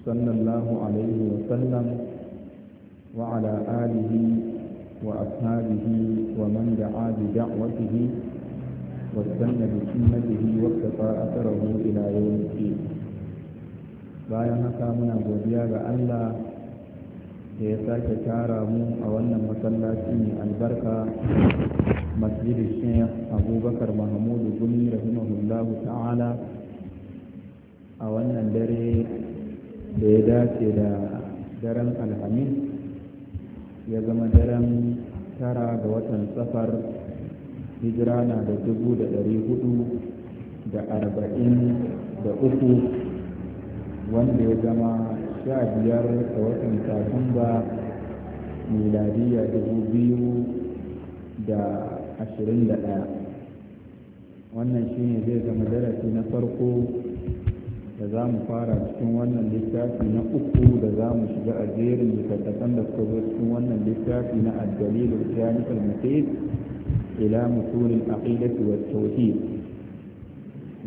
صلى الله عليه وسلم وعلى آله وأصحابه ومن دعا بدعوته واستنى بسنته واقتفى أثره إلى يوم الدين bayan haka muna godiya ga Allah da ya sake tara mu a wannan masallaci mai albarka masjidi sheikh abubakar mahamudu gumi rahimahullahu ta'ala a wannan dare da ya dace da daren alhamis ya zama daren tara ga watan safar hijira na da dubu da ɗari hudu da arba'in da uku wanda ya zama sha biyar ga watan satumba miladiyya dubu biyu da ashirin da ɗaya wannan shine zai zama darasi na farko da za mu fara cikin wannan littafi na uku da za mu shiga a jerin littattafan da suka zo cikin wannan littafi na da jami al-musayyid ila mutul a aqidati wa tawhid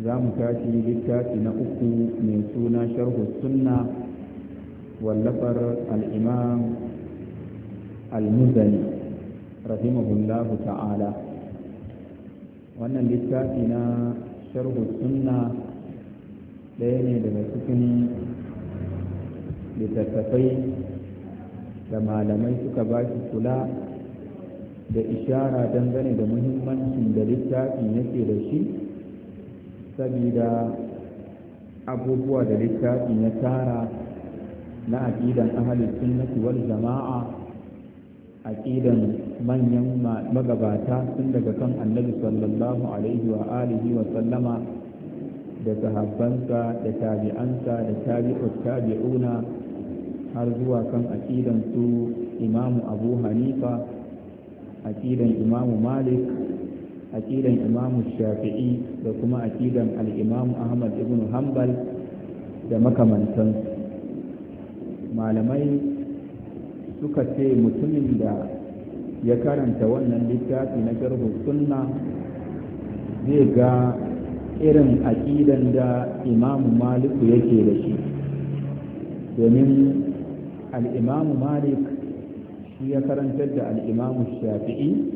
za mu tashi littafi na uku mai suna sharhu sunna wallafar al al-muzani rahimahullahu ta'ala wannan littafi na sharhu sunna ɗaya ne daga cikin littattafai da malamai suka ba shi kula da ishara dangane da muhimmancin da littafin yake da shi saboda abubuwa da littafin ya tara na aƙidan ahalin sunnati wal jama'a aƙidan manyan magabata sun daga kan annabi sallallahu alaihi wa alihi wa sallama da sahabbansa da tabi'ansa da tabi'ut tabi'una har zuwa kan aqidan su imamu abu hanifa aqidan imamu malik aqidan imamu shafi'i da kuma aqidan al imam ahmad ibn hanbal da makamantan malamai suka ce mutumin da ya karanta wannan littafi na sharhu sunna zai ga irin aƙidan da imamu maliku yake da shi domin al'imamu malik shi ya karantar da al'imamu shafi'i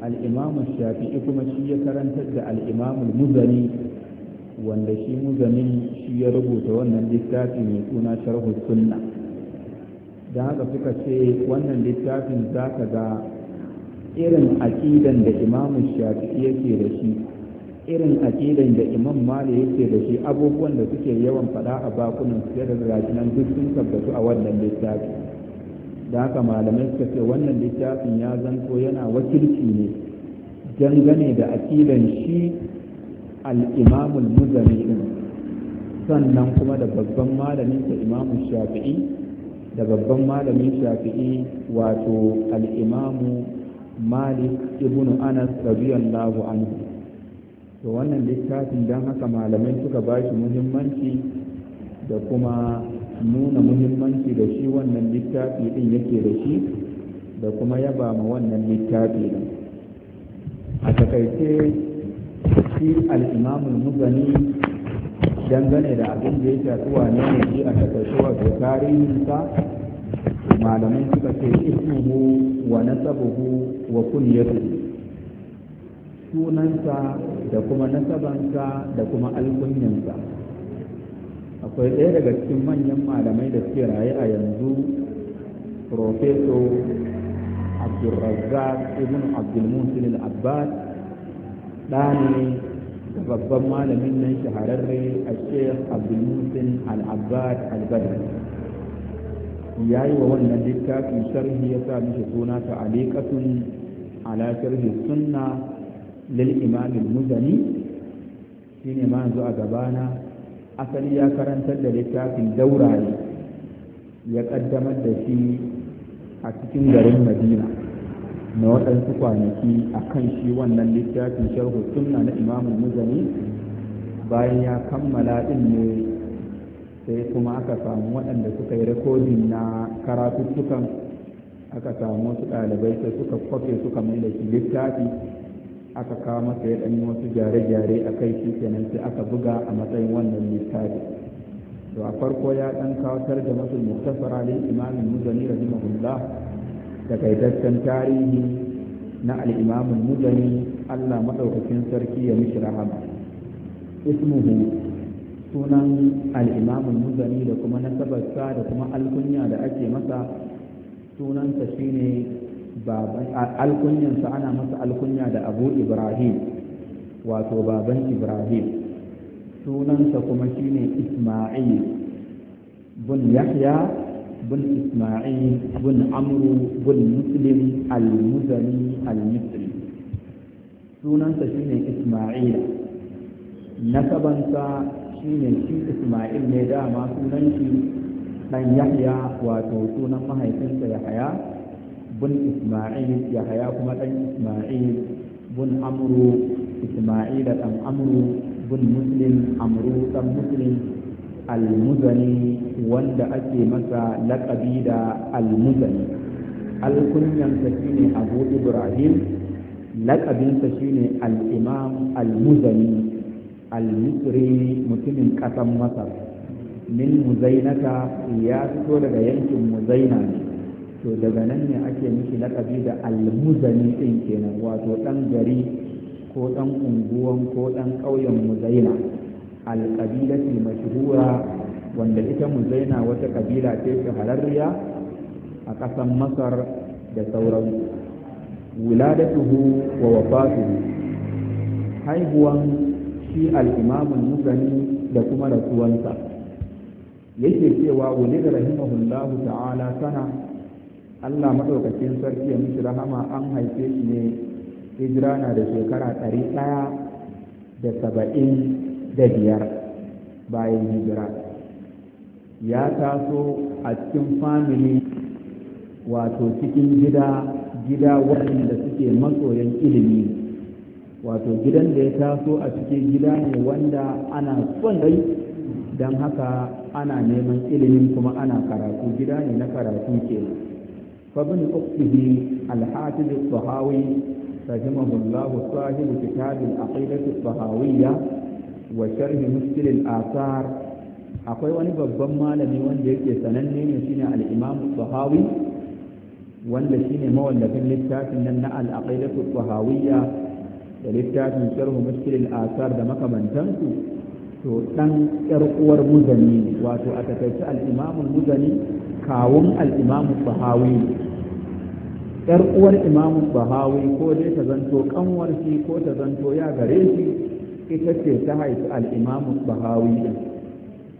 al'imamu shafi'i kuma shi ya karantar da al'imamu muzani wanda shi muzanin shi ya rubuta wannan littafi mai suna sharhu sunna Da haka suka ce wannan littafin za ka ga irin aƙidan da imamu shafi'i yake da shi irin aƙidan da imam mali yake da shi abubuwan da suke yawan faɗa a bakunan su da gashi nan duk sun tabbatu a wannan littafi da haka malamai suka ce wannan littafin ya zanto yana wakilci ne dangane da aƙidan shi al'imamul muzani din sannan kuma da babban malamin sa imamu shafi'i da babban malamin shafi'i wato al'imamu malik ibnu anas radiyallahu anhu to wannan littafin don haka malamai suka ba shi muhimmanci da kuma nuna muhimmanci da shi wannan littafi din yake da shi da kuma yaba ma wannan littafi din a takaice shi al'imamul muzani dangane da abin da ya shafi ne ne shi a takaice wato sa malamai suka ce ismuhu wa nasabuhu wa kunyatuhu sunansa da kuma nasabansa da kuma alkunyansa akwai ɗaya daga cikin manyan malamai da suke raye a yanzu profeso abdulrazzaq ibn abdulmusin al-abbas ɗa da babban malamin nan shahararre a sheikh abdulmusin al-abbas al-badr ya yi wa wannan littafin sharhi ya sa mishi suna ta alaƙatun ala sharhi sunna lil muzani shine ma a gabana asali ya karantar da littafin daura ya kaddamar da shi a cikin garin madina na waɗansu kwanaki a kan ciwon nan littafin sharhu sunna na imam al-muzani bayan ya kammala din ne sai kuma aka samu waɗanda suka yi rikodin na karatuttukan aka samu wasu ɗalibai sai suka kwafe suka mallaki littafi aka kawo masa ya ɗan wasu gyare-gyare a kai shi kenan sai aka buga a matsayin wannan littafi to a farko ya ɗan kawatar da masu muktasara lil imamin muzani rahimahullah da kaitaccen tarihi na al'imamin muzani allah maɗaukakin sarki ya mishi rahama ismuhu sunan al'imamin muzani da kuma nasabarsa da kuma alkunya da ake masa sunansa shine baban alkunyansa ana masa alkunya da abu ibrahim wato baban ibrahim sunansa kuma shine isma'il bin yahya bin isma'il bin amru bin muslim al-muzani al-misri sunansa shine isma'il nasabansa shine shi isma'il ne dama sunan shi dan yahya wato sunan mahaifinsa yahya bin Isma'il Yahaya kuma ɗan Isma'il bin Amru Isma'il ɗan Amru bin Muslim Amru ɗan Muslim almuzani wanda ake masa laƙabi da almuzani alkunyansa shine abu ibrahim laƙabinsa shine al'imam almuzani almisri mutumin ƙasan masar min muzainata ya fito daga yankin muzaina ne to daga nan ne ake miki lakabi da almuzani din kenan wato ɗan gari ko ɗan unguwan ko ɗan ƙauyen muzaina alƙabila ce mashhura wanda ita muzaina wata ƙabila ce shahararriya a ƙasan masar da sauran wuladatuhu wa wafatuhu haihuwan shi al'imamun muzani da kuma rasuwansa yake cewa wulida rahimahullahu ta'ala sana Allah maɗaukacin sarki ya mishi rahama an haife shi ne hijira na da shekara ɗari ɗaya da saba'in da biyar bayan hijira ya taso a cikin famili wato cikin gida gida waɗanda suke masoyan ilimi wato gidan da ya taso a cikin gida ne wanda ana son rai don haka ana neman ilimin kuma ana karatu gida ne na karatu ke. فابن أخته الحافظ الطهاوي رحمه الله صاحب كتاب العقيدة الطهاوية وشرح مشكل الآثار akwai wani babban malami wanda yake sananne ne shine al-Imam Tahawi wanda shine mawallafin littafin nan na al-Aqidatu Tahawiyya da littafin Sharh Mushkil al da makamantansu to dan yar uwar Muzani wato a takaice al-Imam Muzani kawun al'imamu bahawi yar uwar imamu sahawi ko dai ta zanto kanwar shi ko ta zanto ya gare shi ita ce ta haifi al'imamu bahawi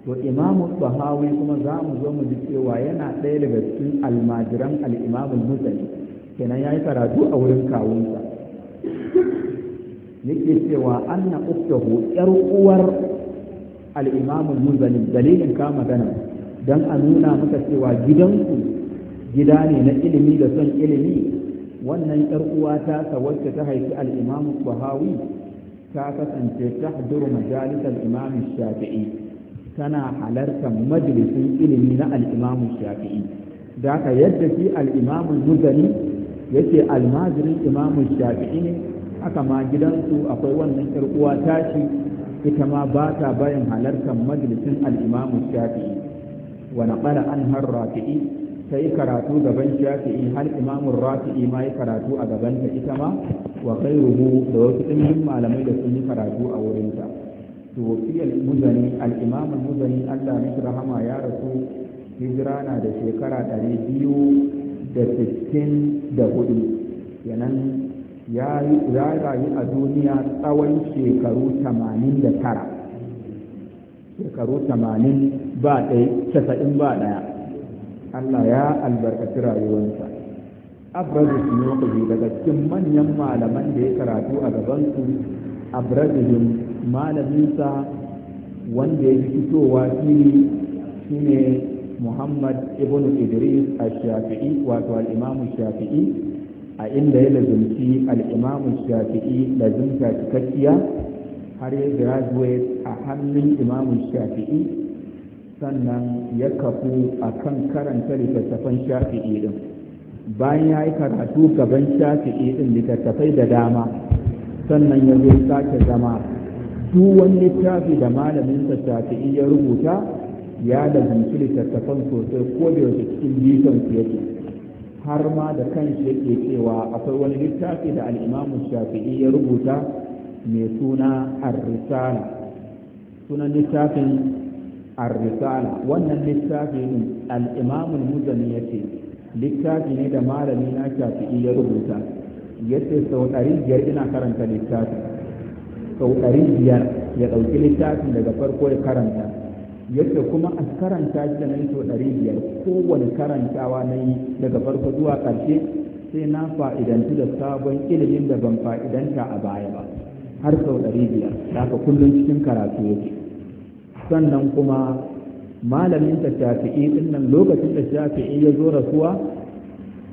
to imamu bahawi kuma za mu zo mu ji cewa yana ɗaya daga cikin almajiran al'imamu musali kenan ya yi karatu a wurin kawunsa yake cewa anna uktahu yar uwar al'imamu muzani dalilin kama ganin don a nuna maka cewa gidanku gida ne na ilimi da son ilimi wannan yar uwata ta sa wacce ta haifi al-Imam ta kasance ta haduru majalis al-Imam Shafi'i tana halartar majalisin ilimi na al-Imam Shafi'i da ka yadda shi al-Imam Muzani yake almajirin Imam Shafi'i ne haka ma gidansu akwai wannan yar uwa tashi ita ma ba ta bayan halartar majalisin al-Imam Shafi'i wa naqala an har rafi'i sai karatu gaban shafi'i har imamun rafi'i ma ya karatu a gaban ta ita ma wa ghayruhu da wasu dimbin malamai da sun yi karatu a wurin ta توفي المزني الإمام muzani الله يرحمه يا رسول هجرانا da shekara ɗari biyu da sittin da hudu kenan ya rayu a duniya tsawon shekaru tamanin da tara shekaru tamanin ba ɗaya casa'in ba ɗaya Allah ya albarkaci rayuwarsa abrazu sunuqi daga cikin manyan malaman da ya karatu a gabansu abrazuhum malaminsa wanda ya fitowa shi shine Muhammad ibn Idris al-Shafi'i wato al-Imam shafii a inda ya lazumci al-Imam shafii lazumta cikakkiya har ya graduate a hannun Imam shafii sannan ya kafu a kan karanta littattafan shafi'i ɗin bayan ya yi karatu gaban shafi'i ɗin littattafai da dama sannan ya zo sake zama duk wani littafi da malamin malaminsa shafi'i ya rubuta ya lazumci littattafan sosai ko da yaushe cikin bitan su yake har ma da kan kanshi yake cewa akwai wani littafi da al'imamu shafi'i ya rubuta mai suna ar-risala sunan littafin ar wannan littafi ne al-imam al-muzani yace littafi ne da malami na shafi'i ya rubuta yace sau ɗari biyar ina karanta littafi sau ɗari biyar ya ɗauki littafin daga farko ya karanta kuma a karanta shi da nan sau ɗari biyar kowane karantawa na yi daga farko zuwa ƙarshe sai na fa'idantu da sabon ilimin da ban fa'idanta a baya ba har sau ɗari biyar da haka kullum cikin karatu yake sannan kuma malamin ta shafi'i din lokacin da shafi'i ya zo rasuwa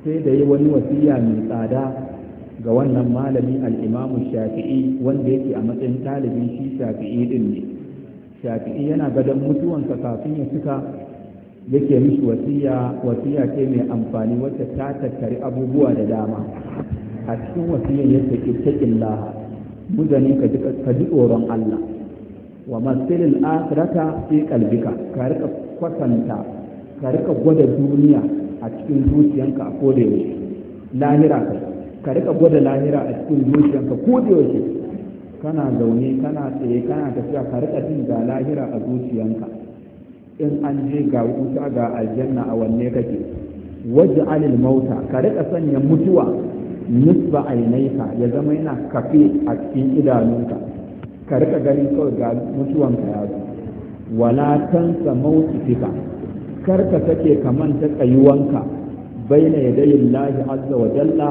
sai da yi wani wasiya mai tsada ga wannan malami al'imamu shafi'i wanda yake a matsayin talibin shi shafi'i din ne shafi'i yana gadon mutuwansa kafin ya cika yake mishi wasiya wasiya ce mai amfani wacce ta tattari abubuwa da dama a cikin wasiyan yake cikin illa muzani ka ji tsoron Allah wa masilin asirata fi kalbika ka rika kwatanta ka rika gwada duniya a cikin zuciyanka a koda yaushe lahira ka ka rika gwada lahira a cikin zuciyanka koda yaushe kana zaune kana tsaye kana tafiya ka rika jin ga lahira a zuciyanka in an je ga wuta ga aljanna a wanne kake waj'alil mauta ka rika sanya mutuwa nisba ainaika ya zama yana kafe a cikin idanunka ka rika gani kawai ga mutuwan ka ya zo. wala tansa fika kar ka sake ka manta tsayuwanka baina yadayin lahi azza wa jalla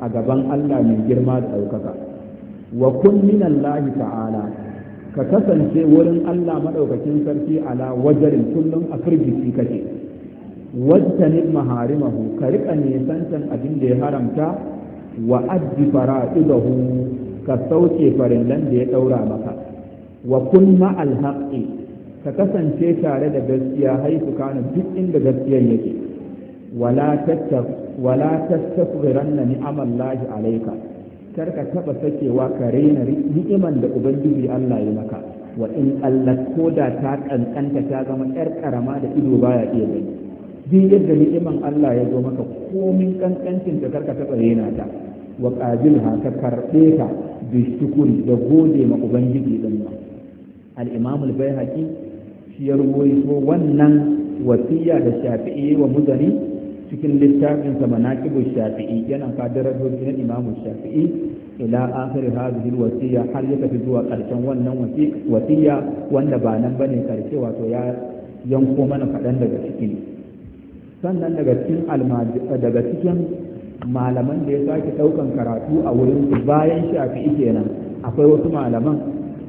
a gaban Allah mai girma da ɗaukaka wa kun minan lahi ta'ala ka kasance wurin Allah maɗaukakin sarki ala wajarin kullum a firgici kake ne maharimahu ka riƙa nisantan abin da ya haramta wa addi fara'idahu ka sauke farillan da ya ɗaura maka wa kun ma'al haqqi ka kasance tare da gaskiya haifu kana duk inda gaskiyar yake wala tattaf wala tastasghiranna ni'amallahi kar ka taɓa sakewa ka raina ni'iman da ubangiji Allah ya maka wa in ko da ta kankanta ta zama yar karama da ido baya iya gani duk yadda ni'iman Allah ya zo maka komin kankancin ta karka taɓa raina ta wa qabilha ka karɓe ta bi da gode ma ubangiji din ba al imamul al-baihaqi shi ya wannan wasiya da shafi'i wa muzani cikin littafin sa manaqibu shafi'i yana fadarar na imam shafi'i ila akhir hadhihi al-wasiya har ya tafi zuwa karshen wannan wasiya wanda ba nan bane karshe wato ya yanko mana kaɗan daga cikin sannan daga cikin daga cikin malaman da ya sake ɗaukan karatu a wurin shafi bayan kenan akwai wasu malaman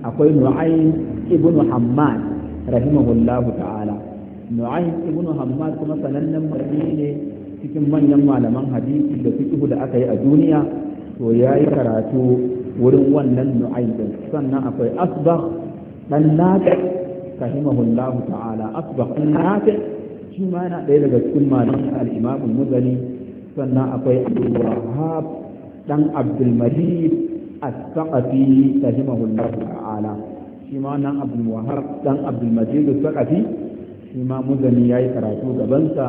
akwai nu'ayn ibnu hammad rahimahullahu ta'ala nu'ayin ibnu hammad kuma sanannen malami ne cikin manyan malaman hadisi da fiqhu da aka yi a duniya to yi karatu wurin wannan nu'ayin din sannan akwai asbagh dan nafi rahimahullahu ta'ala asbagh dan nafi shi ma yana ɗaya daga cikin malaman al-imam muzani sannan akwai abdulwahab dan abdulmalik as-saqafi rahimahullahu ta'ala shi ma nan abdulwahab dan abdulmalik as-saqafi shi ma muzani yayi karatu gabansa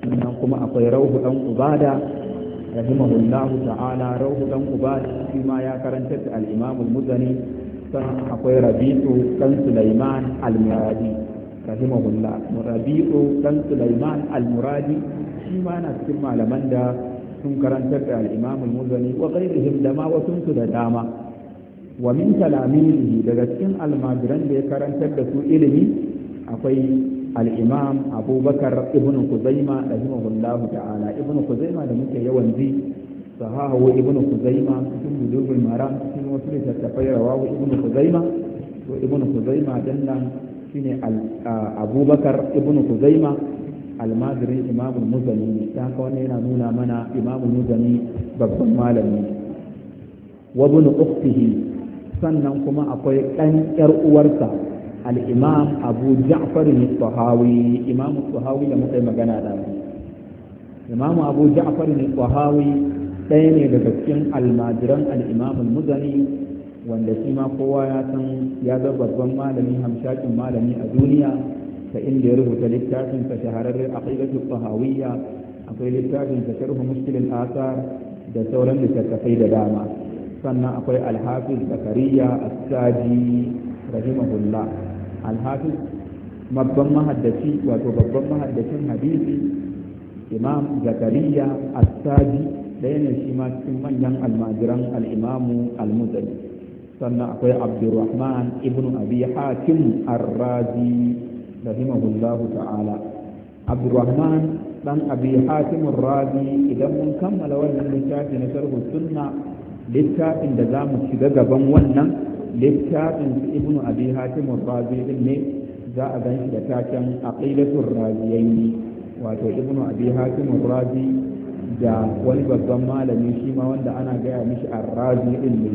sannan kuma akwai rauhu dan ubada rahimahullahu ta'ala rauhu dan ubada shi ma ya karanta da al-imam al-muzani sannan akwai rabi'u dan sulaiman al-muradi rahimahullah rabi'u dan sulaiman al-muradi shi ma yana cikin malaman da sun karantar da al-Imam al-Muzani wa ghairihim da ma wasu su da dama wa min talamihi daga cikin almajiran da ya karantar da su ilimi akwai al'imam Abubakar ibn Kuzaima rahimahullah ta'ala ibn Kuzaima da muke yawan ji sahahu ibn Kuzaima cikin budurul maram cikin wasu littattafai rawahu ibn Kuzaima to ibn Kuzaima dan nan shine Abubakar ibn Kuzaima almajirin imamu muzani ta haka yana nuna mana imamu muzani babban malami wa na sannan kuma akwai ɗan ƴar uwarsa al-imam abu ja'far ne sahawi imamu sahawi da muka yi magana da imamu abu ja'far ne sahawi ɗaya ne daga cikin almajiran al-imam muzani wanda shi ma kowa ya san ya zama babban malami hamshakin malami a duniya فإن جره تلتات فشهر العقيدة الطهاوية أقول لتات فشره مشكل الآثار دسورا لتتقيد داما صنع أقول الحافظ زكريا الساجي رحمه الله الحافظ مبضم هدتي وتبضم هدتي حديثي إمام زكريا الساجي لين الشمات ثم ين المعجران الإمام المزلي صنع أقول عبد الرحمن ابن أبي حاتم الرازي rahimahullahu ta'ala abdurrahman dan abi hatim rabi idan mun kammala wannan littafin na sharhu sunna littafin da za mu shiga gaban wannan littafin ibnu abi hatim rabi din ne za a gan shi da taken aqilatul rabiyaini wato ibnu abi hatim rabi da wani babban malami shi ma wanda ana gaya mishi arrazi din ne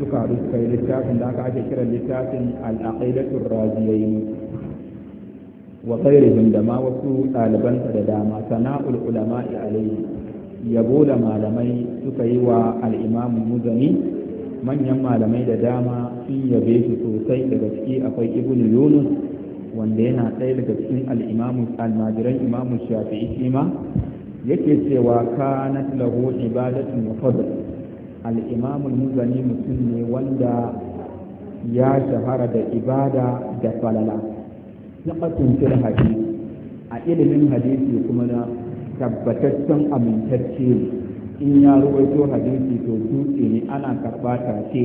suka haɗu suka yi littafin da aka ake kiran littafin al-aqilatul rabiyaini wa ghairihim da ma wasu ɗalibansa da dama sana'ul ulama'i alaihi yabo da malamai suka yi wa al'imamu muzani manyan malamai da dama sun yabe shi sosai daga ciki akwai ibn yunus wanda yana ɗaya daga cikin al'imamu almajiran imamu shafi'i shi ma yake cewa kanat lahu ibadatun wa al'imamu muzani mutum ne wanda ya shahara da ibada da falala siqatun fil hadisi a ilimin hadisi kuma na tabbataccen amintacce ne in ya ruwaito hadisi to dutse ne ana karɓa tashe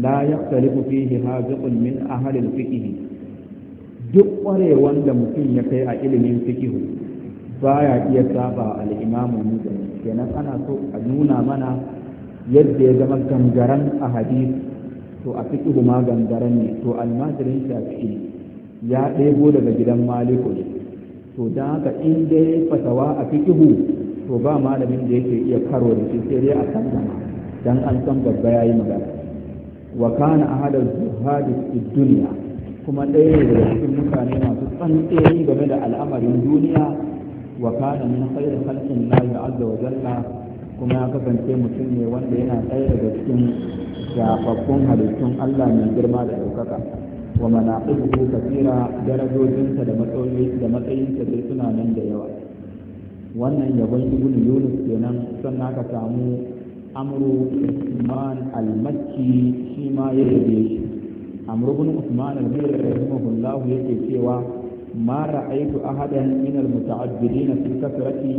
la yaqtalifu fihi haziqun min ahli al-fiqh duk ƙwarewan da mutum ya kai a ilimin fiqh baya iya saba al-imam muzani kenan ana so a nuna mana yadda ya zama gangaran a hadisi to a fiqh ma gangaran ne to almajirin shafi'i ya ɗebo daga gidan maliku ne to don haka in dai fatawa a fikihu to ba malamin da yake iya karo da shi sai dai a san zama dan an san babba yi magana wa kana ahada zuhadi fi dunya kuma ɗaya ne daga cikin mutane masu tsantseni game da al'amarin duniya wa kana min khairin khalqin Allah azza wa jalla kuma ya kasance mutum ne wanda yana ɗaya daga cikin shafaffun halittun Allah mai girma da ɗaukaka wa manaqibuhu kathira darajojinsa da matsayoyi da matsayinta sai suna nan da yawa wannan yabon ibn yunus kenan sannan aka samu amru usman al-makki shi ma ya yabe shi amru ibn usman al-bakki rahimahullah yake cewa ma ra'aytu ahadan min al-muta'abbidin fi kasrati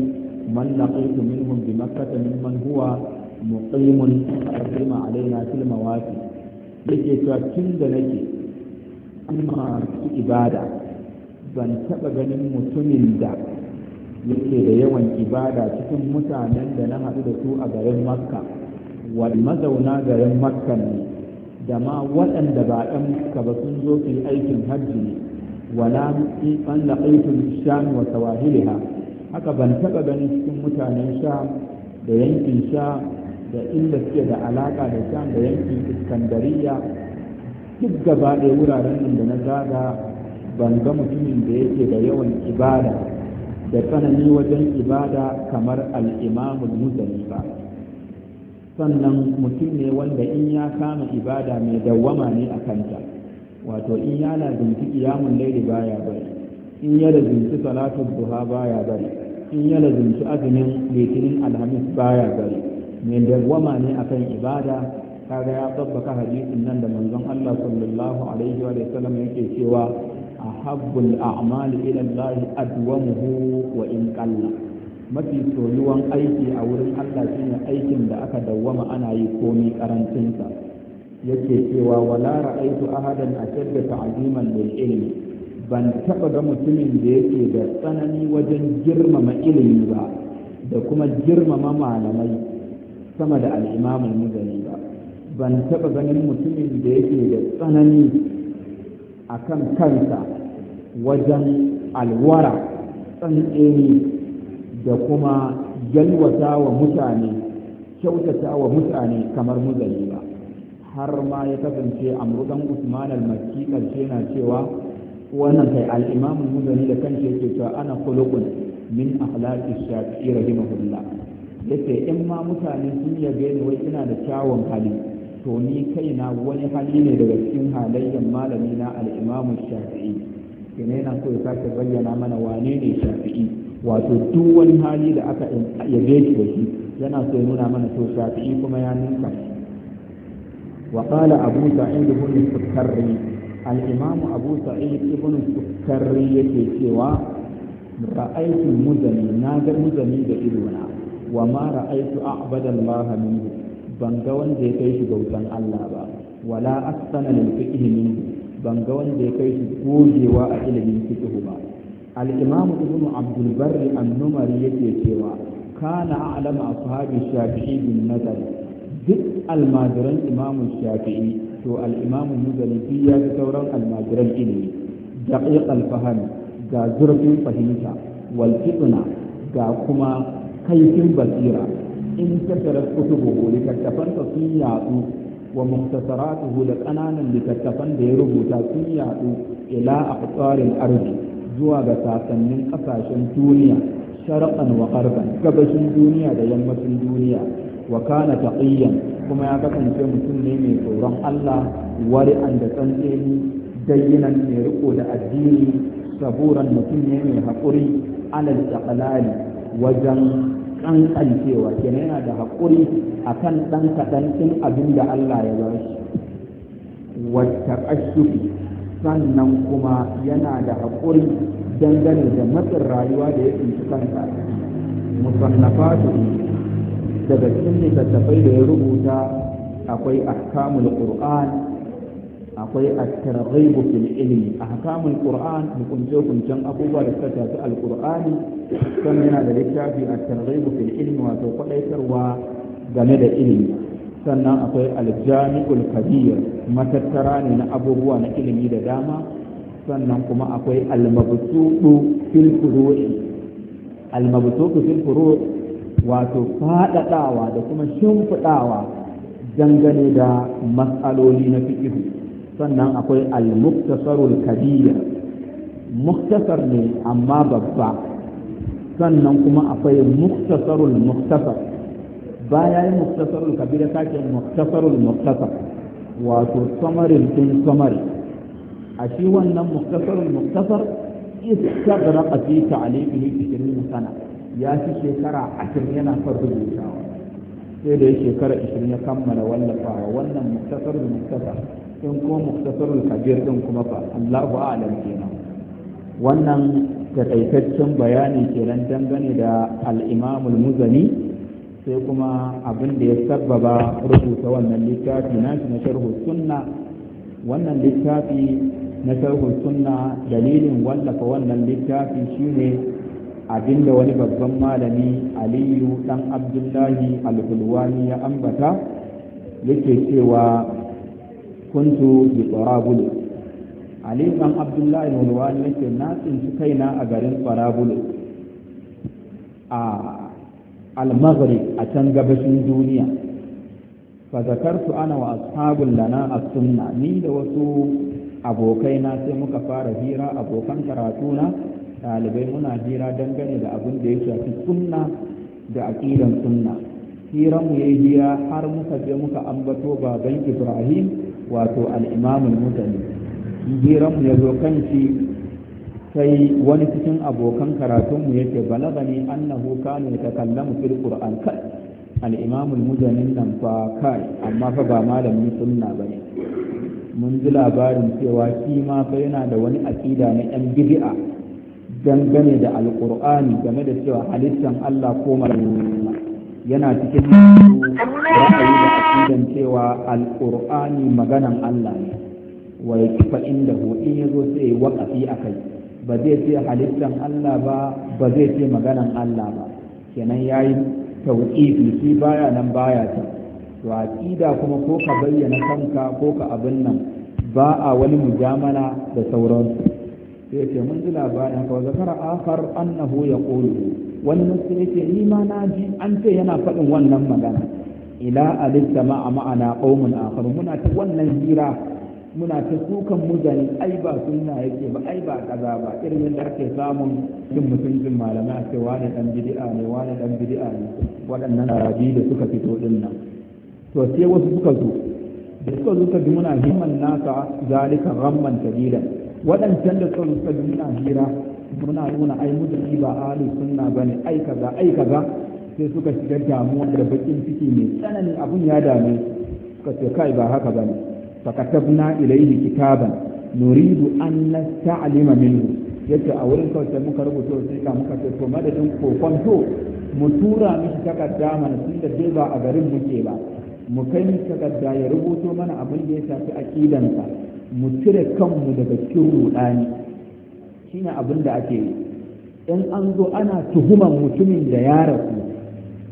man laqitu minhum bi makkah mimman huwa muqimun qadima alaina fil mawaqi yake cewa tun da nake masu ibada ban taɓa ganin mutumin da yake da yawan ibada cikin mutanen da na haɗu da su a garin makka wal mazauna garin makka ne da ma waɗanda ba ɗan ka ba sun zo su yi aikin hajji ne wala an laƙaitun a wa sawahiliha haka ban taɓa ganin cikin mutanen sha da yankin sha da inda suke da alaƙa da sha da yankin iskandariya duk gaba ɗaya wuraren nan da na zaga ban ga mutumin da yake da yawan ibada da tsanani wajen ibada kamar al'imamun muzani ba sannan mutum ne wanda in ya kama ibada mai dawwama ne a kanta wato in ya lazimci kiyamun laili baya bari in ya lazimci salatun duha baya bari in ya lazimci azumin litinin alhamis baya bari mai dawwama ne akan ibada kaga ya tabbaka hadisin nan da manzon Allah sallallahu alaihi wa sallam yake cewa ahabbul a'mali ila Allah adwamuhu wa in qalla mafi soyuwan aiki a wurin Allah shine aikin da aka dawwama ana yi komi karancinsa yake cewa wala ra'aytu ahadan ashadda ta'ziman lil ilimi ban taba ga mutumin da yake da tsanani wajen girmama ilimi ba da kuma girmama malamai sama da al-imamul ban taɓa ganin mutumin da yake da tsanani a kan kansa wajen alwara tsantseni da kuma yalwata wa mutane kyautata wa mutane kamar muzali ba har ma ya kasance amurkan usman al-makki karshe na cewa wannan kai al-imam muzali da kan yake cewa ana khuluqun min akhlaqi shafi'i rahimahullah yace in ma mutane sun yabe ni wai ina da kyawun hali to ni kaina wani hali ne daga cikin halayyar malami na al'imamu shafi'i yana yana so ya sake bayyana mana wane ne shafi'i wato duk wani hali da aka yabe shi da shi yana so ya nuna mana to shafi'i kuma ya ninka wa qala abu sa'id ibn sukkarri al abu sa'id ibn sukkarri yake cewa ra'aytu muzani na ga muzani da idona wa ma ra'aytu a'bada allaha minhu ban ga wanda ya kai shi bautan Allah ba wala asana lil fiqh minhu ban ga wanda ya kai shi gogewa a ilimin fiqh ba al-imam ibn abdul barr an-numari yake cewa kana a'lamu ashabi shafi'i bin nazar duk almajiran imamu shafi'i to al-imam muzalifi ya ga sauran almajiran ilimi daqiq al-fahm ga zurfin fahimta wal fitna ga kuma kaifin basira in tattara kutubuhu littattafansa sun yatsu wa muktasaratuhu da ƙananan littattafan da ya rubuta sun yatsu ila aqtarin arziki zuwa ga sasannin ƙasashen duniya sharqan wa gabashin duniya da yammacin duniya wa kana kuma ya kasance mutum ne mai tsoron Allah wari'an da tsantseni dayyinan mai riko da addini saburan mutum ne mai haƙuri alal taqalali wajen kankancewa kenan yana da haƙuri a kan ɗan kaɗancin abin da Allah ya ba shi wata ƙashufi sannan kuma yana da haƙuri dangane da matsin rayuwa da ya tsinci kansa musannafatu daga cikin littattafai da ya rubuta akwai ahkamul qur'an akwai at-targhib fil ilmi ahkamul qur'an hukunce hukuncen abubuwa da suka tafi al-qur'ani sannan yana da littafi a targhib fil ilmi wato kwadaitarwa game da ilimi sannan akwai aljami'ul kabir matattara ne na abubuwa na ilimi da dama sannan kuma akwai almabsutu fil furu'i almabsutu fil furu' wato fadadawa da kuma shimfidawa dangane da matsaloli na fiqh sannan akwai almuktasarul kabir muktasar ne amma babba sannan kuma akwai muktasarul muktasar baya yin muktasarul kabira sake muktasarul muktasar wato samarin tun samari a shi wannan muktasarul muktasar istagraqa fi ta'liqihi 20 sana ya fi shekara ashirin yana son rubutawa sai da ya shekara 20 ya kammala wallafawa wannan muktasarul muktasar in kuma muktasarul kabir din kuma fa Allahu a'lam kenan wannan takaitaccen bayani kenan dangane da al'imamul muzani sai kuma abin da ya sabbaba rubuta wannan littafi na na sharhu sunna wannan littafi na sharhu sunna dalilin wallafa wannan littafi shine abin da wani babban malami aliyu dan abdullahi al-hulwani ya ambata yake cewa kuntu bi ali ɗan abdullahi wulwani yake na tsinci kaina a garin Farabulu, a almaghrib a can gabashin duniya fa su ana wa ashabul lana a sunna ni da wasu abokaina sai muka fara hira abokan karatuna ɗalibai muna hira dangane da abin da ya shafi sunna da aƙidan sunna Hira mu yayi hira har muka je muka ambato baban ibrahim wato al-imamul mutane hiranmu ya zo kan shi sai wani cikin abokan karatunmu yake balagani annahu ya takallamu fil qur'an kai al-imam al-mujannin nan fa kai amma fa ba malamin sunna ne mun ji labarin cewa shi ma fa yana da wani aqida na yan bid'a dangane da alqur'ani game da cewa halittan Allah ko malamin yana cikin ra'ayi da aqidan cewa alqur'ani maganan Allah ne wa ya kifa inda in ya zo sai ya waƙafi a kai ba zai ce halittan Allah ba ba zai ce maganan Allah ba kenan ya yi tauƙifi shi baya nan baya ta to aƙida kuma ko ka bayyana kanka ko ka abin nan ba a wani mujamala da sauransu sai ce mun ji labarin ka zakara akhar annahu yaqulu wani mutum yake ni ma na ji an ce yana faɗin wannan magana ila alitta ma'a ma'ana qaumun akhar muna ta wannan hira muna ta sukan muzani ai ba sunna yake ba ai ba kaza ba irin yadda ake samun yin mutuncin malamai a ce wani dan bid'a ne wani dan bid'a ne waɗannan arabi da suka fito din nan to sai wasu suka zo da suka zo ka muna himman nasa zalika ramman kalilan waɗancan da suka zo ka muna hira muna nuna ai mutane ba ahli sunna bane ai kaza ai kaza sai suka shiga damuwa da bakin ciki mai tsanani abun ya dame suka ce kai ba haka ne. فكتبنا إليه كتابا nuridu أن نستعلم منه yace a wurin kawai muka rubuta wasu ka muka ce to madadin kokon to mu tura mishi takarda mana tun da ba a garin muke ba mu kai mishi takarda ya rubuto mana abin da ya shafi akidansa mu cire kanmu daga cikin rudani shine abin da ake yi in an zo ana tuhuman mutumin da ya rasu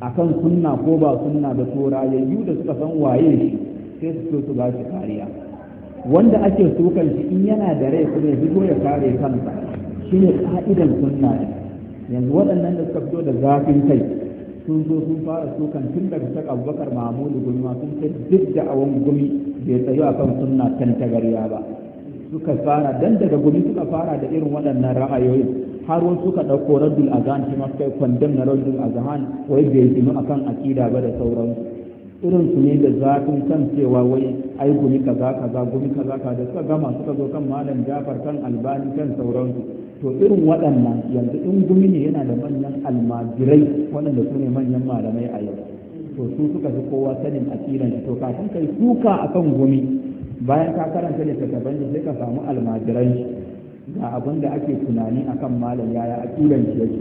akan sunna ko ba sunna da tora rayayyu da suka san waye shi sai su so su ba shi kariya wanda ake sukan shi in yana da rai kuma ya zubo ya kare kansa shi shine ka'idan sunna yanzu waɗannan da suka fito da zafin kai sun zo sun fara sukan tun daga ta abubakar Mahamudu, gumi sun ce duk da awon gumi bai tsayu a kan sunna kan tagariya ba suka fara dan daga gumi suka fara da irin waɗannan ra'ayoyin har wasu suka ɗauko raddul azan shi ma kai kwandon na raddul azan wai bai ginu akan akida ba da sauransu irin su ne da zafin kan cewa wai ai gumi kaza kaza gumi kaza kaza suka gama suka zo kan malam jafar kan albani kan sauransu to irin waɗannan yanzu in gumi ne yana da manyan almajirai waɗanda su ne manyan malamai a yau to su suka fi kowa sanin asirin to kafin kai suka kan gumi bayan ka karanta littattafan sai ka samu almajirai ga abin da ake tunani akan malam yaya a kiran shi yake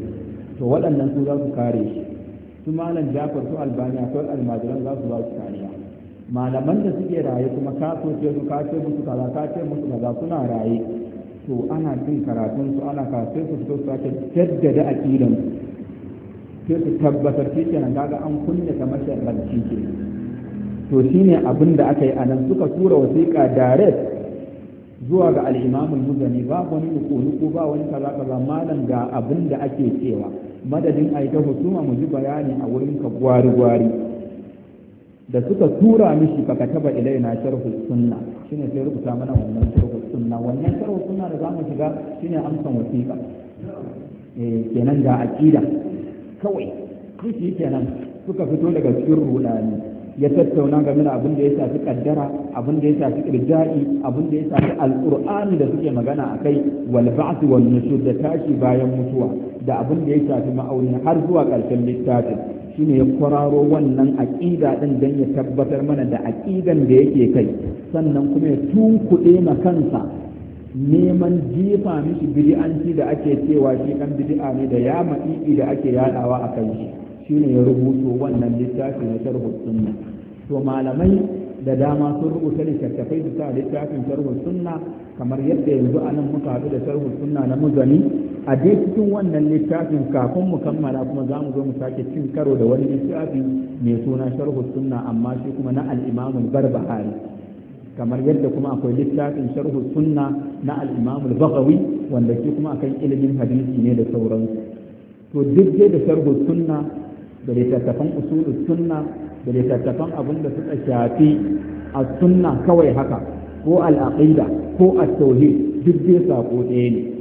to waɗannan su za su kare shi su malam jafar su albani akwai almajiran za su ba su kariya malaman da suke raye kuma ka ce su ka ce musu kaza ka ce musu kaza suna raye to ana cin karatun su ana sai su fito su sake jaddada aqidan sai su tabbatar shi kenan kaga an kunne kamar sharranci ke to shine abin da aka yi a nan suka tura wasiƙa direct zuwa ga al'imamul muzani ba wani nuku ba wani kaza kaza malam ga abin da ake cewa madadin a yi ta husuma mu ji bayani a wurin ka gwari gwari da suka tura mishi baka taba ilai na sharhu sunna shine sai rubuta mana wannan sharhu sunna wannan sharhu sunna da zamu shiga shine amsan wasiƙa eh kenan ga aqida kawai kishi kenan suka fito daga cikin rudani ya tattauna game da abin da ya shafi kaddara abin da ya shafi irja'i abin da ya shafi alqur'ani da suke magana akai wal ba'th wal nusur da tashi bayan mutuwa da abin da ya shafi ma'auni har zuwa ƙarshen littafin shine ya kwararo wannan aƙida ɗin don ya tabbatar mana da aƙidan da yake kai sannan kuma ya tunkuɗe ma kansa neman jefa mishi bid'anci da ake cewa shi kan bid'a ne da ya ma'i'i da ake yaɗawa a kan shi shine ya rubuto wannan littafin na sharhul sunna to malamai da dama sun rubuta littattafai su sa littafin sharhul sunna kamar yadda yanzu anan muka haɗu da sharhul sunna na muzani a dai cikin wannan littafin kafin mu kammala kuma za mu zo mu sake cin karo da wani littafi mai suna sharhu sunna amma shi kuma na al-imam barbahari kamar yadda kuma akwai littafin sharhu sunna na al-imam wanda shi kuma akan ilimin hadisi ne da sauransu to duk dai da sharhu sunna da littattafan usulus sunna da littattafan abin da suka shafi a sunna kawai haka ko al-aqida ko at-tauhid duk dai sako ɗaya ne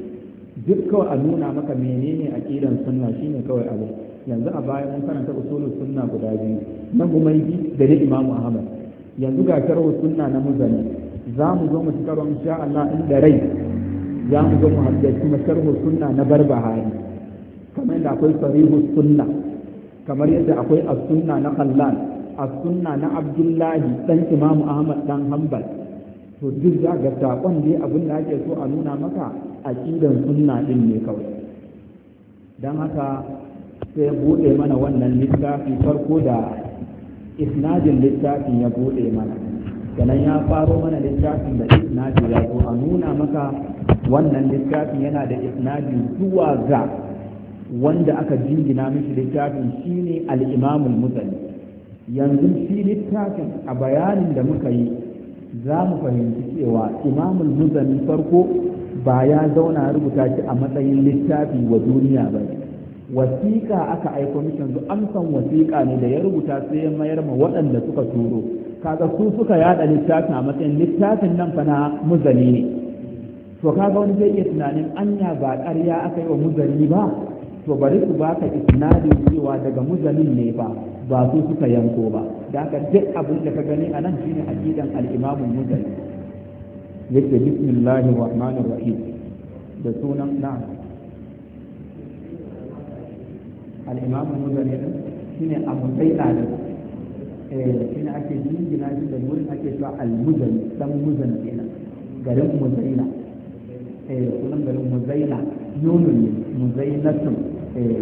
duk kawai a nuna maka menene aqidan sunna shine kawai abu yanzu a baya mun karanta usulul sunna guda biyu na Umaydi da na Imam Ahmad yanzu ga sharhu sunna na Muzani za mu zo mu ci karo insha Allah inda rai za mu zo mu haddace mu sharhu sunna na Barbahari kamar yadda akwai sarihu sunna kamar yadda akwai as-sunna na allah as-sunna na Abdullahi dan Imam Ahmad dan Hanbal to duk za ga saƙon dai abin da ake so a nuna maka a aƙidan sunna ɗin ne kawai don haka sai buɗe mana wannan littafi farko da isnadin littafin ya buɗe mana sannan ya faro mana littafin da isnadin ya zo a nuna maka wannan littafin yana da isnadin zuwa ga wanda aka jingina mishi littafin shine al-imamul musalli yanzu shi littafin a bayanin da muka yi za mu fahimci cewa imamul muzani farko ba ya zauna rubuta shi a matsayin littafi wa duniya ba wasiƙa aka aiko mishan zu amsan wasiƙa ne da ya rubuta sai ya mayar ma waɗanda suka turo kaga su suka yaɗa littafin a matsayin littafin nan fa na muzani ne to kaga wani zai iya tunanin anya ba ƙarya aka yi wa muzani ba to bari su baka isnadin cewa daga muzanin ne ba ba su suka yanko ba da haka duk abin da ka gani a nan shine aqidan al-Imam Muzani yake bismillahir rahmanir rahim da sunan na al-Imam Muzani shine Abu Sayyid eh, shine ake jingina shi da wurin ake cewa al-Muzani dan Muzani kenan garin Muzaina eh sunan garin Muzaina nunun Muzainatun eh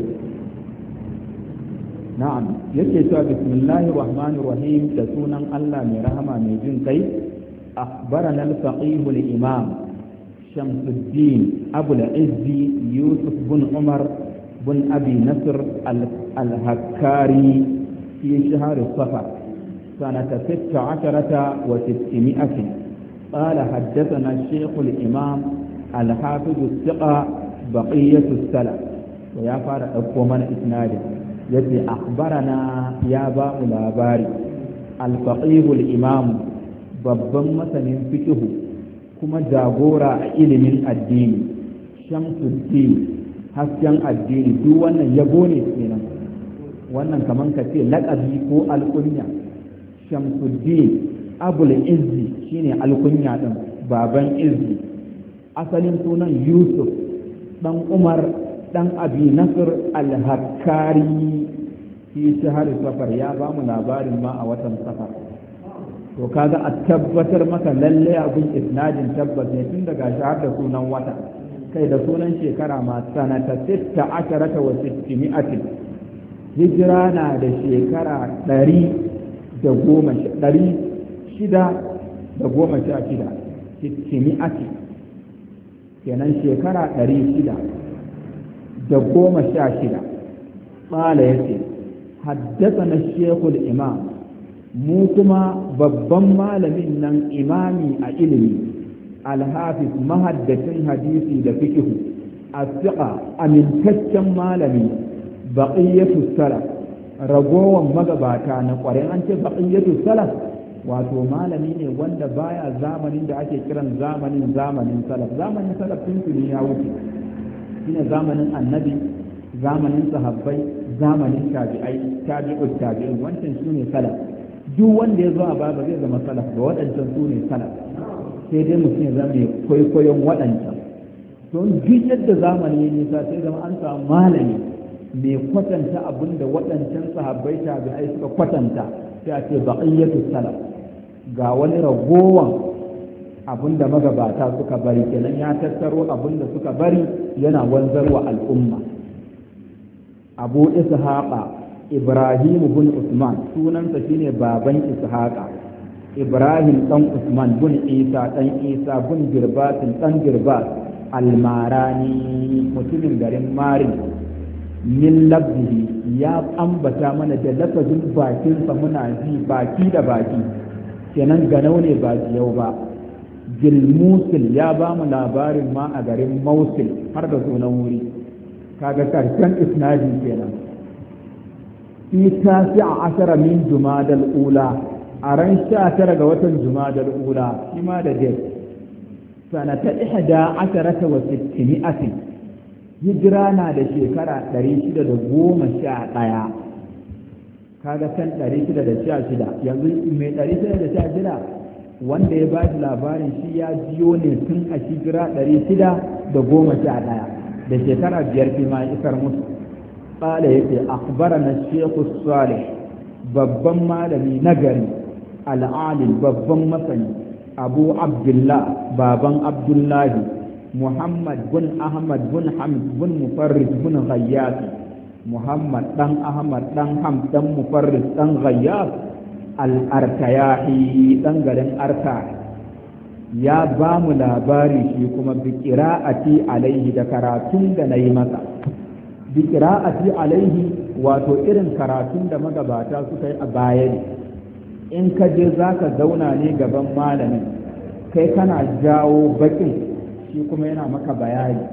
na'am yake cewa bismillahir rahmanir rahim da sunan Allah mai rahama mai jin kai akhbarana al-faqih al-imam Shamsuddin Abu al-Izz Yusuf bin Umar bin Abi Nasr al-Hakkari fi shahr Safar sanata 16 wa 600 قال حدثنا الشيخ الإمام الحافظ الثقة بقية السلف ويا فارق أكو من yace akhbarana ya ba mu labari al-faqihul imam babban masanin fiqhu kuma jagora a ilimin addini shamsuddin hasken addini duk wannan yabo ne kenan wannan kaman ka ce laƙabi ko alƙunya shamsuddin abul izzi shine alkunya din baban izzi asalin sunan yusuf ɗan umar dan abi nasir al-hakkari fi shahar safar ya ba mu labarin ma a watan safar to kaga a tabbatar maka lallai abin isnadin tabbas ne tun daga shahar da sunan wata kai da sunan shekara ma sanata sitta asharata wa sittimi'atin hijira na da shekara ɗari da goma ɗari shida da goma sha kenan shekara ɗari shida da goma sha shida ƙala ya ce haddasa na shekul imam mu kuma babban malamin nan imami a ilimi alhafiz mahaddacin hadisi da fikihu siƙa amintaccen malami baqiyatu salaf ragowan magabata na ƙwarin an ce baqiyatu salaf wato malami ne wanda baya zamanin da ake kiran zamanin zamanin salaf zamanin salaf tun ya wuce shine zamanin annabi zamanin sahabbai zamanin tabi'ai tabi'ut tabi'in wancan su ne salaf duk wanda ya zo a baba zai zama salaf ga waɗancan su ne salaf sai dai mutum ya zama kwaikwayon waɗancan don duk yadda zamani ya nisa sai zama an samu malami mai kwatanta abin da waɗancan sahabbai tabi'ai suka kwatanta sai a ce baqiyatu salaf ga wani ragowan da magabata suka bari kenan ya tattaro da suka bari yana wanzar wa al'umma abu ishaqa ibrahim bin usman sunansa shine baban ishaqa ibrahim dan usman bin isa dan isa bin girbat dan girbat almarani mutumin garin marin min labdihi ya ambata mana da lafazin bakinsa muna ji baki da baki kenan ganau ne ba yau ba bil ya ba mu labarin ma a garin mausil har da sunan wuri kaga karshen isnadi kenan fi tasi a ashara min jumadal ula a ran sha tara ga watan jumadal ula shi ma da dai sanata ihda asharata wa sittimi'atin hijira na da shekara ɗari shida da goma sha ɗaya kaga san ɗari shida da sha shida yanzu mai ɗari shida da sha shida wanda ya ba labarin shi ya biyo ne tun a shekara ɗari shida da goma sha ɗaya da shekara biyar fi ma isar musu ƙala ya ce akbara na shehu salih babban malami nagari al'alim babban masani abu abdullah baban abdullahi muhammad bin ahmad bin hamd bin mufarris bin ghayyas muhammad dan ahmad dan hamd dan mufarris dan ghayyas al'artayahi ɗan garin arta ya ba mu labari shi kuma bi ƙira'ati alaihi da karatun da na yi masa bi ƙira'ati alaihi wato irin karatun da magabata suka yi a bayani. in ka je za ka zauna ne gaban malamin kai kana jawo baƙin shi kuma yana maka bayani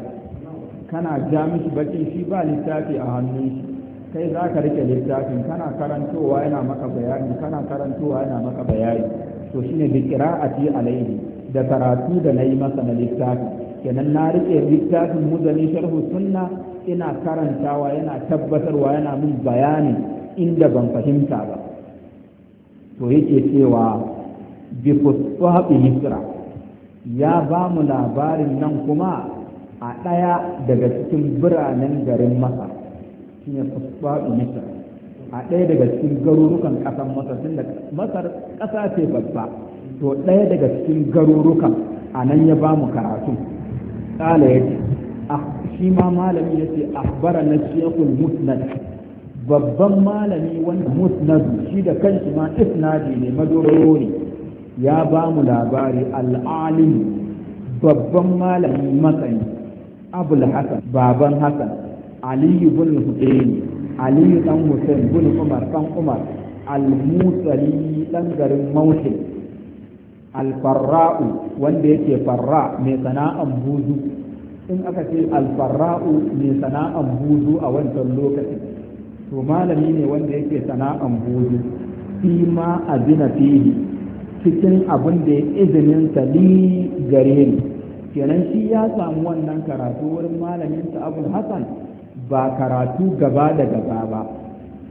kana ja mishi baƙin shi ba littafi a hannun shi kai za ka rike littafin kana karantowa yana maka bayani kana karantowa yana maka bayani to shine bi qira'ati alaihi da karatu da nayi masa na littafi kenan na rike littafin mu da sharhu sunna ina karantawa yana tabbatarwa yana min bayani inda ban fahimta ba to yake cewa bi fusfahi misra ya ba mu labarin nan kuma a ɗaya daga cikin biranen garin masar shine fasfadu misar a ɗaya daga cikin garurukan ƙasar masar tun masar ƙasa ce babba to ɗaya daga cikin garurukan a nan ya ba mu karatu ƙala ya ce ah, shi ma malami ya ce ahbara na shekul musnad babban malami wanda musnad shi da kanshi ma isnadi ne madoro ne ya ba mu labari al'alim babban malami matsayi, abul hasan baban hasan aliyu bin husaini aliyu dan husain bin umar dan umar al-musali dan garin mautin al-farra'u wanda yake farra mai sana'an buzu in aka ce al-farra'u mai sana'an buzu a wancan lokacin to malami ne wanda yake sana'an buzu fi ma azina fihi cikin abin da ya izinin sali gare ni kenan shi ya samu wannan karatu wurin malamin ta hasan ba karatu gaba da gaba ba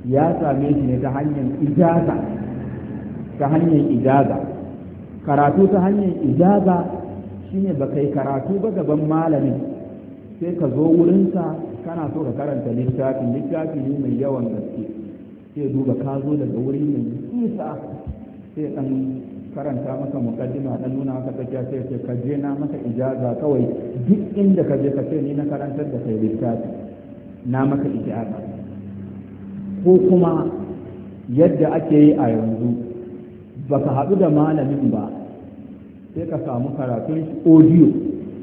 ya same shi ne ta hanyar ijaza ta hanyar ijaza karatu ta hanyar ijaza shine ba kai karatu ba gaban malamin sai ka zo wurinsa kana so ka karanta littafi littafi ne mai yawan gaske sai duba ka zo daga wuri mai nisa sai dan karanta maka mukaddima dan nuna maka tsakiya sai ka je na maka ijaza kawai duk inda ka je ka ce ni na karantar da kai littafi na maka ijaza ko kuma yadda ake yi a yanzu ba ka haɗu da malamin ba sai ka samu karatun audio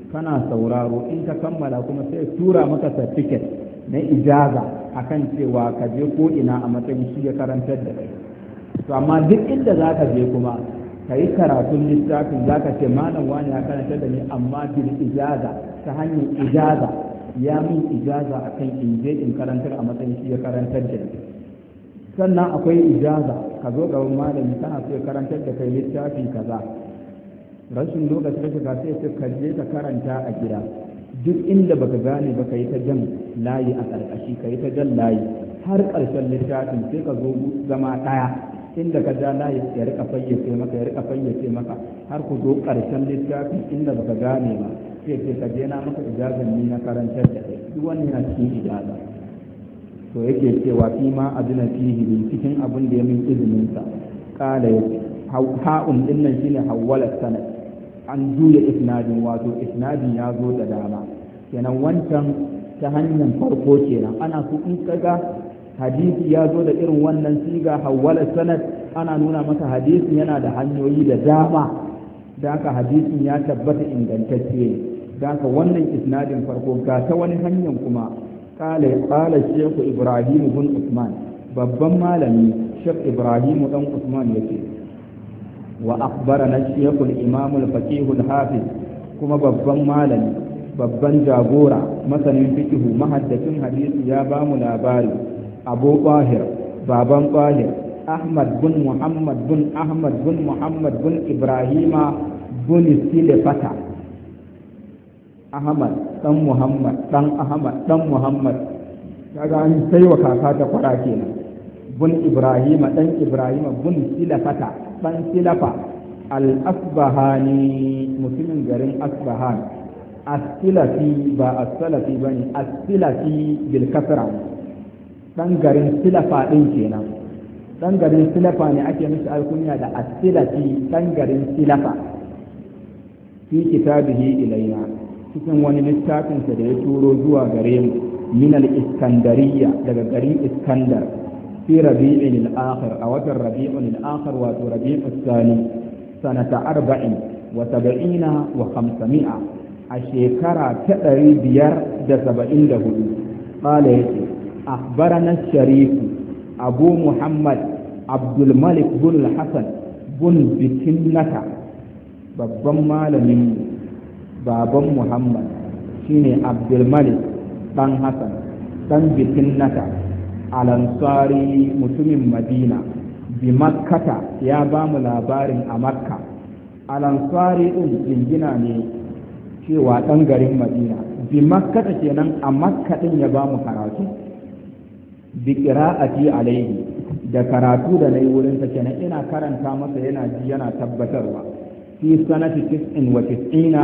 kana sauraro in ka kammala kuma sai tura maka certificate na ijaza a kan cewa ka je ko a matsayin shi ya karantar da kai to amma duk inda za ka je kuma ka yi karatun littafin za ka ce malam wani ya karantar da ni amma bil ijaza ta hanyar ijaza ya min ijaza a kan in je in karantar a matsayin shi ya karantar da sannan akwai ijaza ka zo gaban malami kana so ya karantar da kai littafi kaza rashin lokaci da ka sai ka je ka karanta a gida duk inda baka gane ba ka yi ta jan layi a ƙarƙashi ka yi ta jan layi har ƙarshen littafin sai ka zo zama ɗaya inda ka ja layi ya rika fayyace maka ya rika fayyace maka har ku zo ƙarshen littafin inda baka gane ba sai ce ka je na maka ijazan ni na karantar da kai duk wannan yana cikin ijaza to yake cewa fi ma adina fihi cikin abin da ya min izinin sa qala ya ha'un din nan shine hawwala sanad an juya isnadin wato isnadin ya zo da dama kenan wancan ta hanyar farko kenan ana so in kaga hadisi ya zo da irin wannan siga hawwala sanad ana nuna maka hadisin yana da hanyoyi da dama da haka hadisin ya tabbata ingantacce ne daka wannan isnadin farko ga ta wani hanyar kuma kala kala shehu ibrahim bin usman babban malami shek ibrahim dan usman yake wa akhbarana shehu imam al hafiz kuma babban malami babban jagora masanin fikihu mahaddacin hadisi ya bamu mu labari abu qahir baban qahir ahmad bin muhammad bin ahmad bin muhammad bin ibrahima bin fata. ahmad dan muhammad dan ahmad dan muhammad kaga an sai wa kaka ta fara kenan bun ibrahima dan ibrahima bun silafata dan silafa al asbahani mutumin garin asbahan as-silafi ba as-salafi bane as-silafi bil kasra dan garin silafa din kenan dan garin silafa ne ake musu alkunya da as-silafi dan garin silafa fi kitabihi ilaina cikin wani littafinsa da ya turo zuwa gare mu min iskandariya daga garin iskandar fi rabi'in al-akhir a watan rabi'in al-akhir wato rabi'in sani sanata arba'in wa saba'ina wa khamsami'a a shekara ta ɗari biyar da saba'in da hudu ƙala ya ce akhbarana sharifu abu muhammad abdulmalik bin hassan bin bikin nata babban malamin baban muhammad shine abdulmalik dan hassan dan bikin nata alansari mutumin madina bi makkata ya ba mu labarin a makka alansari din jingina ne cewa ɗan garin madina bi makkata kenan a makka ɗin ya ba mu karatu bi qira'ati alaihi da karatu da nayi wurin ta kenan ina karanta masa yana ji yana tabbatarwa fi wa tis'ina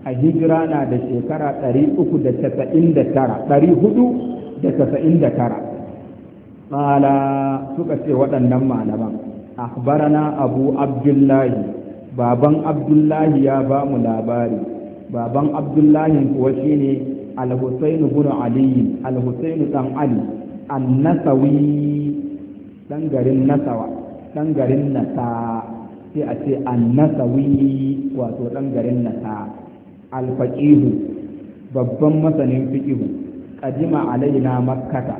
a hijira na da shekara ɗari uku da casa'in da tara ɗari hudu suka ce waɗannan malaman akhbarana abu abdullahi baban abdullahi ya ba labari baban abdullahi kuwa shine al-husainu bin ali ali garin sai a ce annasawi wato ɗan garin nasa alfaƙihu babban masanin fiƙihu ƙadima alaina makkata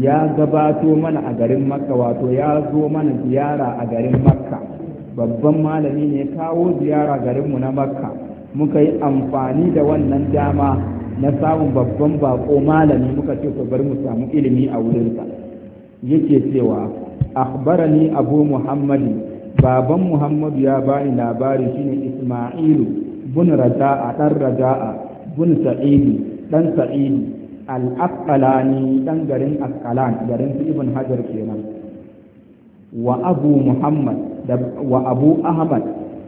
ya gabato mana a garin makka wato ya zo mana ziyara a garin makka babban malami ne kawo ziyara garinmu na makka muka yi amfani da wannan dama na samun babban bako malami muka ce ku bar mu samu ilimi a wurinsa yake cewa akhbarani abu muhammadin baban muhammadu ya bani labari shine isma'ilu bun raja'a dan raja'a bun sa'idu dan sa'idi al-asqalani dan garin asqalan garin ibn hajar kenan wa abu muhammad da wa abu ahmad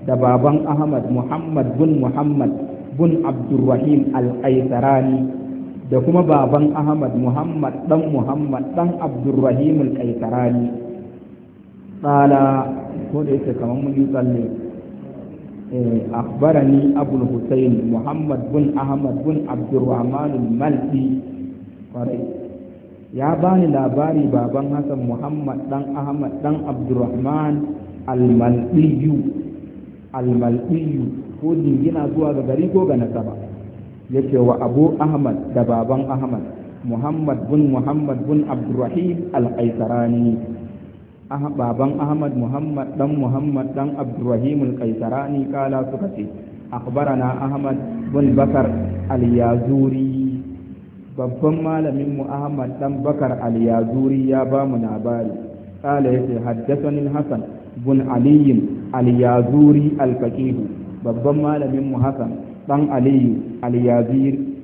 da baban ahmad muhammad bun muhammad bun abdurrahim al-qaisarani da kuma baban ahmad muhammad dan muhammad dan abdurrahim al-qaisarani tsala ko da yake kamar mun tsalle akhbarani abu hussein muhammad bin ahmad bin abdurrahman malki ya bani labari baban hassan muhammad dan ahmad dan abdurrahman almalbiyu almalbiyu ko dingina zuwa ga gari ko ga nasaba yake wa abu ahmad da baban ahmad muhammad bin muhammad bin abdurrahim al baban ahmad muhammad dan muhammad dan abdurrahim al-qaisarani kala suka ce akhbarana ahmad bin bakar al-yazuri babban malamin mu ahmad dan bakar al-yazuri ya ba mu labari kala yace haddathani hasan bin ali al-yazuri al-faqih babban malamin mu hasan dan aliyu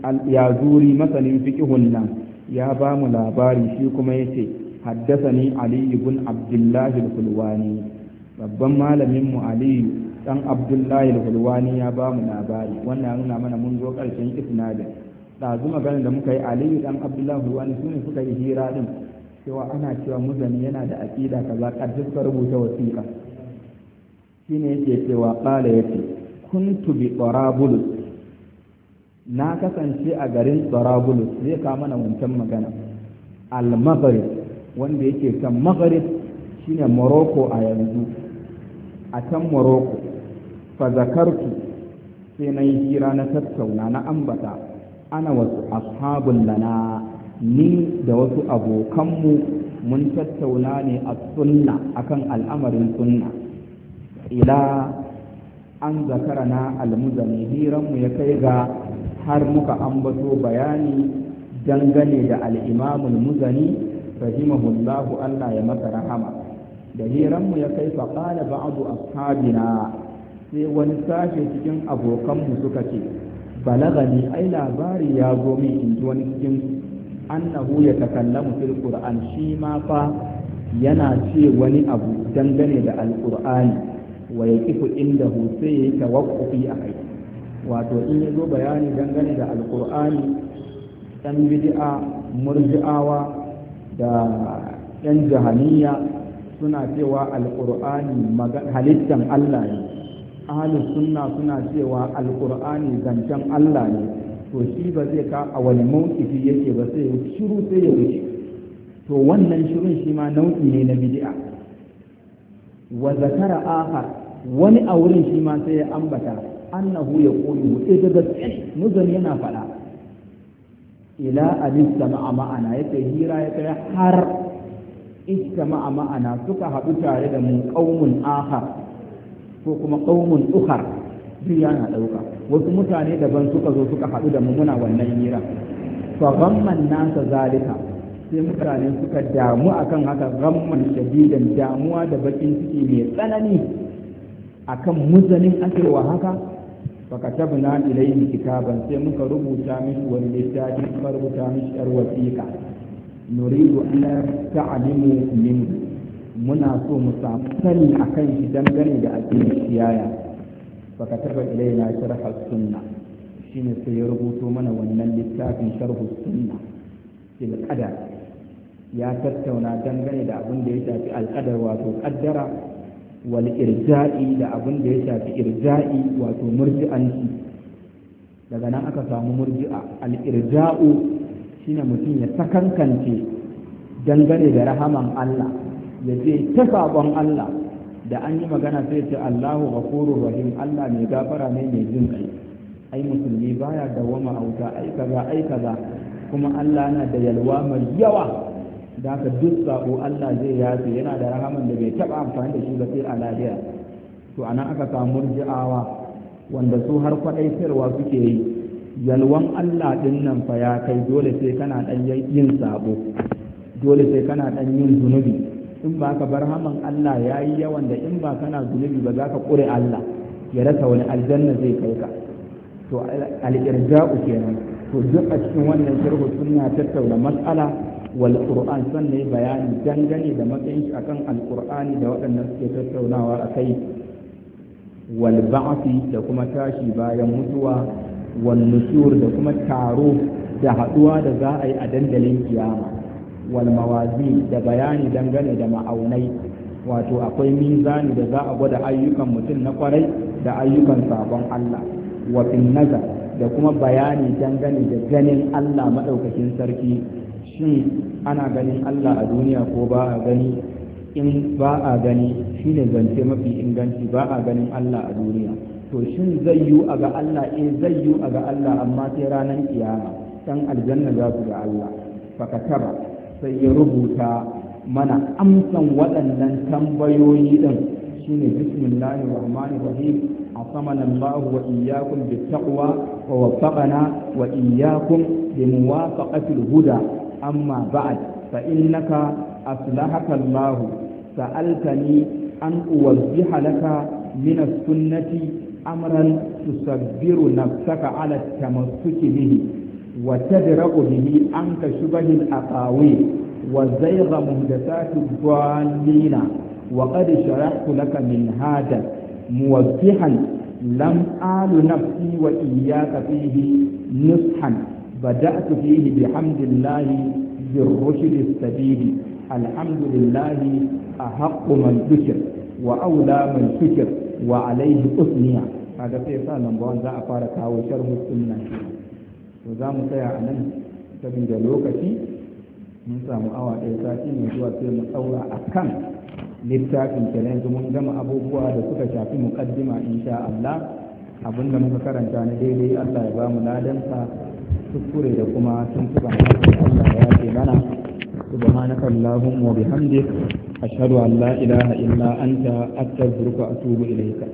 al-yazuri masanin fiqhun nan ya ba mu labari shi kuma yace Haddasa ali Aliyu abdullah al-hulwani babban malamin mu ali dan abdullah ya bamu labari wannan nuna mana mun zo karshen isnadin ɗazu maganar da muka yi aliyu dan abdullah al-hulwani sune suka yi hira din cewa ana cewa muzani yana da aqida kaza ƙarshe suka rubuta wasiƙa shine yake cewa qala yace kuntu bi qarabulus na kasance a garin Barabulus zai kama mana wancan magana al wanda yake kan magharib shine morocco a yanzu a can morocco fa zakartu sai na yi hira na tattauna na ambata ana wasu ashabun lana ni da wasu abokanmu mun tattauna ne a sunna akan al'amarin sunna ila an zakara na almuzani hiranmu ya kai ga har muka ambato bayani dangane da al'imamul muzani rahimahullahu Allah ya masa rahama da mu ya kai fa qala ba'du ashabina sai wani safe cikin abokanmu suka ce balagani ai labari ya zo min in ji wani cikin annahu ya takallamu fil qur'an shi ma fa yana ce wani abu dangane da alqur'ani wa yaqifu indahu sai yayi tawaqqufi a kai wato in ya zo bayani dangane da alqur'ani dan bid'a murji'awa da yan jahaniya suna cewa alƙur'ani halittan Allah ne ahalus sunna suna cewa alƙur'ani zancen Allah ne to shi ba zai ka a wani mawkifi yake ba sai shiru sai ya wuce to wannan shirin shi ma nau'i ne na bidi'a wa zakara aha wani a wurin shi ma sai ya ambata annahu ya yaqulu eh da gaske muzan yana faɗa ila an sama'a ma'ana yake hira ya kai har istama'a ma'ana suka haɗu tare da mun qaumun akhar ko kuma qaumun ukhar duk yana ɗauka wasu mutane daban suka zo suka haɗu da mu muna wannan hira fa ghamman nasa zalika sai mutane suka damu akan haka ghamman shadidan damuwa da bakin ciki mai tsanani akan muzanin akewa haka fakatabna ilayhi kitaban sai muka rubuta mishi wani littafi muka rubuta mishi yar wasiƙa nuridu an ta'limu min muna so mu samu sani akan shi dangane da addinin siyaya fakataba ilayna sharh sunna shine sai ya rubuto mana wannan littafin sharh sunna fil qadar ya tattauna dangane da abin da ya shafi alqadar wato qaddara Wal'irza'i da abin da ya shafi irja'i wato murji'anci daga nan aka samu murji'a al shi shine mutum ya sakankance dangane da rahaman Allah ya je ta sabon Allah da an yi magana sai ce Allahu ghafurur rahim Allah mai gafara ne mai jin kai ai musulmi baya dawama wama wuta ai kaza ai kaza kuma Allah na da yalwa mai yawa da haka duk sako Allah zai yafe yana da rahaman da bai taɓa amfani da shi ba sai a lahira to anan aka samu murji'awa wanda su har kwaɗaitarwa suke yi yalwan Allah ɗin nan fa ya kai dole sai kana ɗan yin sabo dole sai kana ɗan yin zunubi in ba ka bar haman Allah ya yi yawan da in ba kana zunubi ba za ka ƙure Allah ya rasa wani aljanna zai kai ka to al'irja'u kenan to duk a cikin wannan shirhu sunna tattauna matsala wal qur'an sannan bayani dangane da matsayin shi akan alqur'ani da waɗannan suke tattaunawa a kai, ba'thi da kuma tashi bayan mutuwa wal da kuma taro da haɗuwa da za a yi a dandalin kiyama wal da bayani dangane da ma'aunai wato akwai mizani da za a gwada ayyukan mutum na kwarai da ayyukan sabon Allah wa da kuma bayani dangane da ganin Allah maɗaukakin sarki shin ana ganin Allah a duniya ko ba a gani in ba a gani shi ne zance mafi inganci ba a ganin Allah a duniya to shin zai yiwu a ga Allah eh zai yiwu a ga Allah amma sai ranar kiyama dan aljanna za su ga Allah fakataba sai ya rubuta mana amsan waɗannan tambayoyi din shine bismillahir rahmani rahim عصمنا الله wa بالتقوى ووفقنا وإياكم لموافقة الهدى amma ba'ad fa innaka aslahaka Allah sa'altani an uwajjiha laka min as-sunnati amran tusabbiru nafsaka ala tamassuki bihi wa tadra'u bihi anka shubahi al-aqawi wa zayra muhdathati ad-dallina wa qad sharahtu laka min hada muwajjihan lam alu nafsi wa iyyaka fihi nushan بدأت فيه بحمد الله بالرشد السبيل الحمد لله أحق من ذكر وأولى من ذكر وعليه أثنية هذا sai sa lambawan za a fara kawo sharhu sunna to za mu tsaya a nan saboda lokaci mun samu awa ɗaya sati mai zuwa sai mu tsaura a kan littafin kenan yanzu mun gama abubuwa da suka shafi muqaddima insha Allah abinda muka karanta na daidai Allah ya bamu mu ladansa kuskure da kuma tuntuban Allah ya ce mana subhanaka allahumma wa bihamdik ashhadu an la ilaha illa anta astaghfiruka wa atubu ilayka